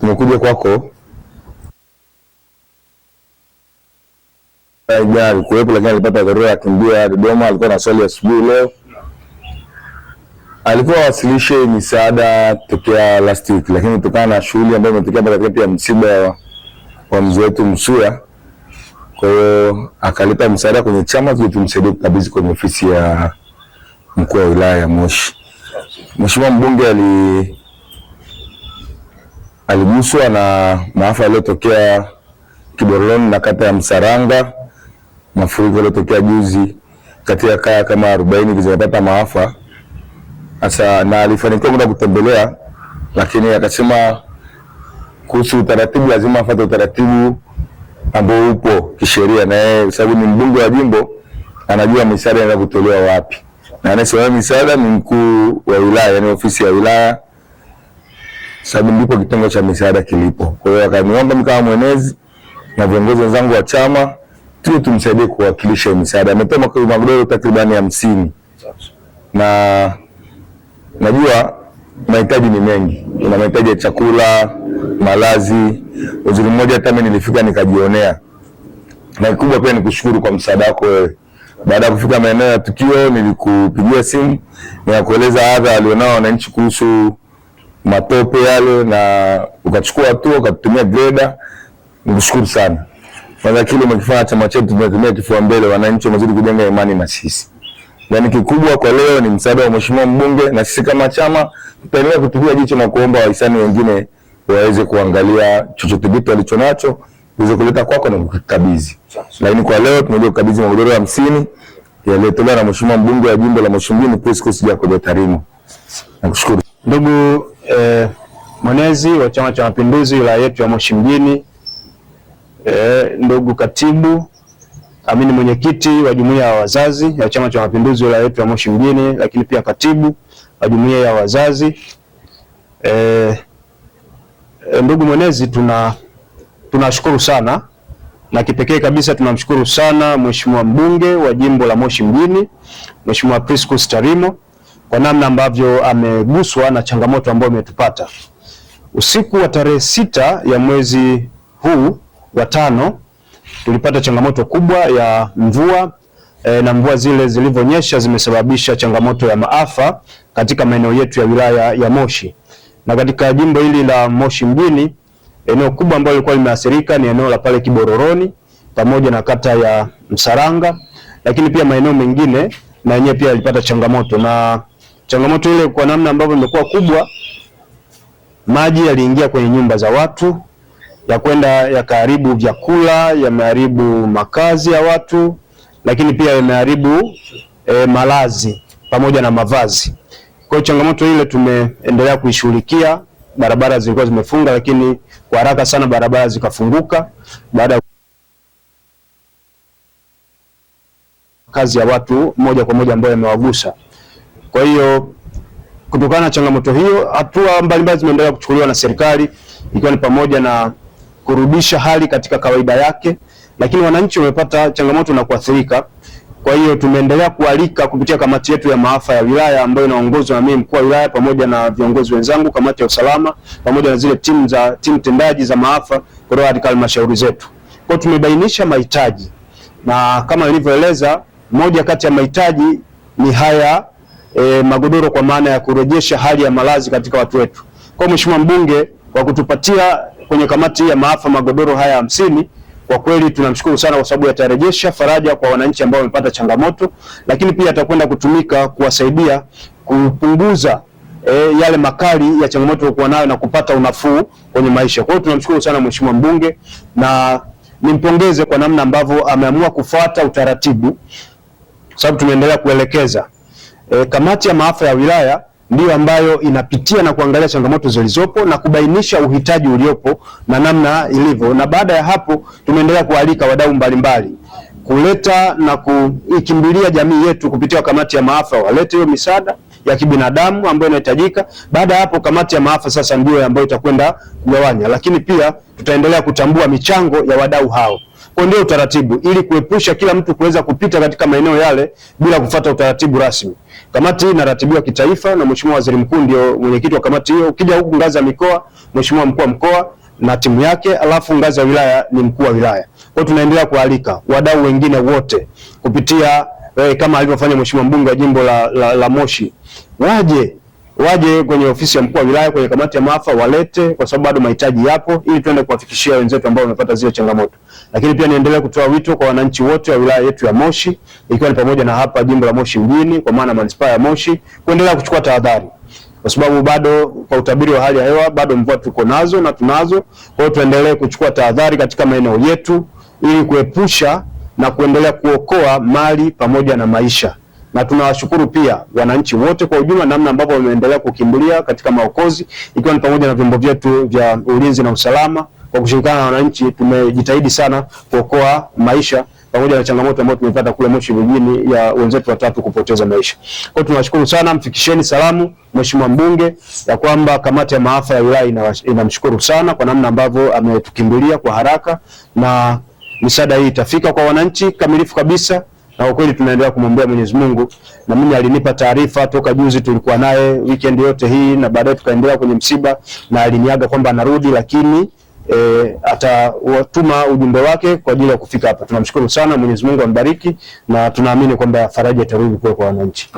tumekuja kwako alikuwepo lakini alipata dharura akimbia kumbia Dodoma. Alikuwa na swali asubuhi leo, alikuwa awasilishe misaada tokea last week, lakini kutokana na shughuli ambayo imetokea katikati ya msiba wa mzee wetu Msuya, kwa hiyo akaleta msaada kwenye chama ili tumsaidie kukabidhi kwenye ofisi ya mkuu wa wilaya ya Moshi. Mheshimiwa mbunge ali aliguswa na maafa yaliyotokea Kiboroloni na kata ya Msaranga, mafuriko yaliyotokea juzi, katika kaya kama arobaini zimepata maafa sasa, na alifanikiwa kwenda kutembelea, lakini akasema kuhusu utaratibu, lazima afuate utaratibu ambao upo kisheria, na yeye sababu ni mbunge wa jimbo anajua misaada inaenda kutolewa wapi, na anasema misaada ni mkuu wa wilaya, yani ofisi ya wilaya sababu ndipo kitengo cha misaada kilipo. Kwa hiyo akaniomba mkawa mwenezi na viongozi wenzangu wa chama tuwe tumsaidie kuwakilisha misaada. Ametoa magodoro takribani hamsini na najua mahitaji ni mengi, kuna mahitaji ya chakula, malazi. Uzuri mmoja hata mimi nilifika nikajionea, na kikubwa pia nikushukuru kwa msaada wako wewe. Baada ya kufika maeneo ya tukio, nilikupigia simu nikakueleza adha alionao wananchi kuhusu matope yale na ukachukua hatua ukatumia greda, nikushukuru sana. Kwanza kile umekifanya chama chetu, tunatumia kifua mbele, wananchi wamezidi kujenga imani na sisi. Yaani kikubwa kwa leo ni msaada wa mheshimiwa mbunge, na sisi kama chama tutaendelea kutupia jicho na kuomba wahisani wengine waweze kuangalia chochote kitu alicho nacho uweze kuleta kwako na kukabidhi. Lakini kwa leo tunajua kukabidhi magodoro hamsini yaliyotolewa na mheshimiwa mbunge wa jimbo la Moshi mjini Priscus Jacob Tarimo. Nakushukuru. Ndugu eh, mwenezi wa Chama cha Mapinduzi wilaya yetu ya Moshi mjini eh, ndugu katibu amini mwenyekiti wa jumuiya ya wazazi ya Chama cha Mapinduzi wilaya yetu ya Moshi mjini, lakini pia katibu wa jumuiya ya wazazi eh, eh ndugu mwenezi, tuna tunashukuru sana na kipekee kabisa tunamshukuru sana mheshimiwa mbunge wa jimbo la Moshi mjini Mheshimiwa Priscus Tarimo kwa namna ambavyo ameguswa na changamoto ambayo imetupata. Usiku wa tarehe sita ya mwezi huu wa tano tulipata changamoto kubwa ya mvua e, na mvua zile zilivyonyesha zimesababisha changamoto ya maafa katika maeneo yetu ya wilaya ya Moshi na katika jimbo hili la Moshi mjini, eneo kubwa ambalo lilikuwa limeathirika ni eneo la pale Kibororoni pamoja na kata ya Msaranga, lakini pia maeneo mengine na yenyewe pia yalipata changamoto na Changamoto ile kwa namna ambavyo imekuwa kubwa, maji yaliingia kwenye nyumba za watu, yakwenda yakaharibu vyakula, yameharibu makazi ya watu, lakini pia yameharibu e, malazi pamoja na mavazi. Kwa hiyo changamoto ile tumeendelea kuishughulikia. Barabara zilikuwa zimefunga, lakini kwa haraka sana barabara zikafunguka baada ya kazi ya watu moja kwa moja ambayo yamewagusa. Kwa hiyo kutokana na changamoto hiyo, hatua mbalimbali zimeendelea kuchukuliwa na serikali ikiwa ni pamoja na kurudisha hali katika kawaida yake, lakini wananchi wamepata changamoto na kuathirika. Kwa hiyo tumeendelea kualika kupitia kamati yetu ya maafa ya wilaya ambayo inaongozwa na mimi mkuu wa wilaya pamoja na viongozi wenzangu, kamati ya usalama pamoja na zile timu za timu tendaji za maafa kutoka katika halmashauri zetu. Kwa hiyo tumebainisha mahitaji na kama nilivyoeleza, moja kati ya mahitaji ni haya e, magodoro kwa maana ya kurejesha hali ya malazi katika watu wetu. Kwa Mheshimiwa mbunge kwa kutupatia kwenye kamati ya maafa magodoro haya hamsini kwa kweli tunamshukuru sana kwa sababu yatarejesha faraja kwa wananchi ambao wamepata changamoto, lakini pia atakwenda kutumika kuwasaidia kupunguza e, yale makali ya changamoto walikuwa nayo na kupata unafuu kwenye maisha. Kwa hiyo tunamshukuru sana Mheshimiwa mbunge na nimpongeze kwa namna ambavyo ameamua kufuata utaratibu, sababu tumeendelea kuelekeza e, kamati ya maafa ya wilaya ndiyo ambayo inapitia na kuangalia changamoto zilizopo na kubainisha uhitaji uliopo na namna ilivyo, na baada ya hapo tumeendelea kualika wadau mbalimbali kuleta na kuikimbilia jamii yetu kupitia kamati ya maafa walete hiyo misaada ya kibinadamu ambayo inahitajika. Baada ya hapo, kamati ya maafa sasa ndio ambayo itakwenda kugawanya, lakini pia tutaendelea kutambua michango ya wadau hao kwa ndio utaratibu, ili kuepusha kila mtu kuweza kupita katika maeneo yale bila kufata utaratibu rasmi. Kamati hii inaratibiwa kitaifa na Mheshimiwa Waziri Mkuu ndio mwenyekiti wa kamati hiyo. Ukija huku ngazi ya mikoa, Mheshimiwa mkuu wa mkoa na timu yake, alafu ngazi ya wilaya ni mkuu wa wilaya. Kwa hiyo tunaendelea kualika wadau wengine wote kupitia eh, kama alivyofanya mheshimiwa mbunge wa jimbo la, la, la Moshi, waje waje kwenye ofisi ya mkuu wa wilaya kwenye kamati ya maafa walete, kwa sababu bado mahitaji yapo, ili tuende kuwafikishia wenzetu ambao wamepata zile changamoto. Lakini pia niendelee kutoa wito kwa wananchi wote wa wilaya yetu ya Moshi, ikiwa ni pamoja na hapa jimbo la Moshi mjini, kwa maana manispaa ya Moshi, kuendelea kuchukua tahadhari, kwa sababu bado, kwa utabiri wa hali ya hewa, bado mvua tuko nazo na tunazo. Kwa hiyo tuendelee kuchukua tahadhari katika maeneo yetu ili kuepusha na kuendelea kuokoa mali pamoja na maisha, na tunawashukuru pia wananchi wote kwa ujumla, namna ambavyo wameendelea kukimbilia katika maokozi, ikiwa ni pamoja na vyombo vyetu vya ulinzi na usalama. Kwa kushirikiana na wananchi, tumejitahidi sana kuokoa maisha pamoja na changamoto ambayo tumepata kule Moshi vijijini ya wenzetu watatu kupoteza maisha. Kwa hiyo tunawashukuru sana, mfikisheni salamu Mheshimiwa mbunge ya kwamba kamati ya maafa ya wilaya inamshukuru sana kwa namna ambavyo ametukimbilia kwa haraka na misaada hii itafika kwa wananchi kamilifu kabisa, na kwa kweli tunaendelea kumwombea Mwenyezi Mungu. Na mimi alinipa taarifa toka juzi, tulikuwa naye weekend yote hii na baadaye tukaendelea kwenye msiba, na aliniaga kwamba anarudi, lakini E, atawatuma ujumbe wake kwa ajili ya kufika hapa. Tunamshukuru sana Mwenyezi Mungu ambariki, na tunaamini kwamba faraja itarudi kwa wananchi.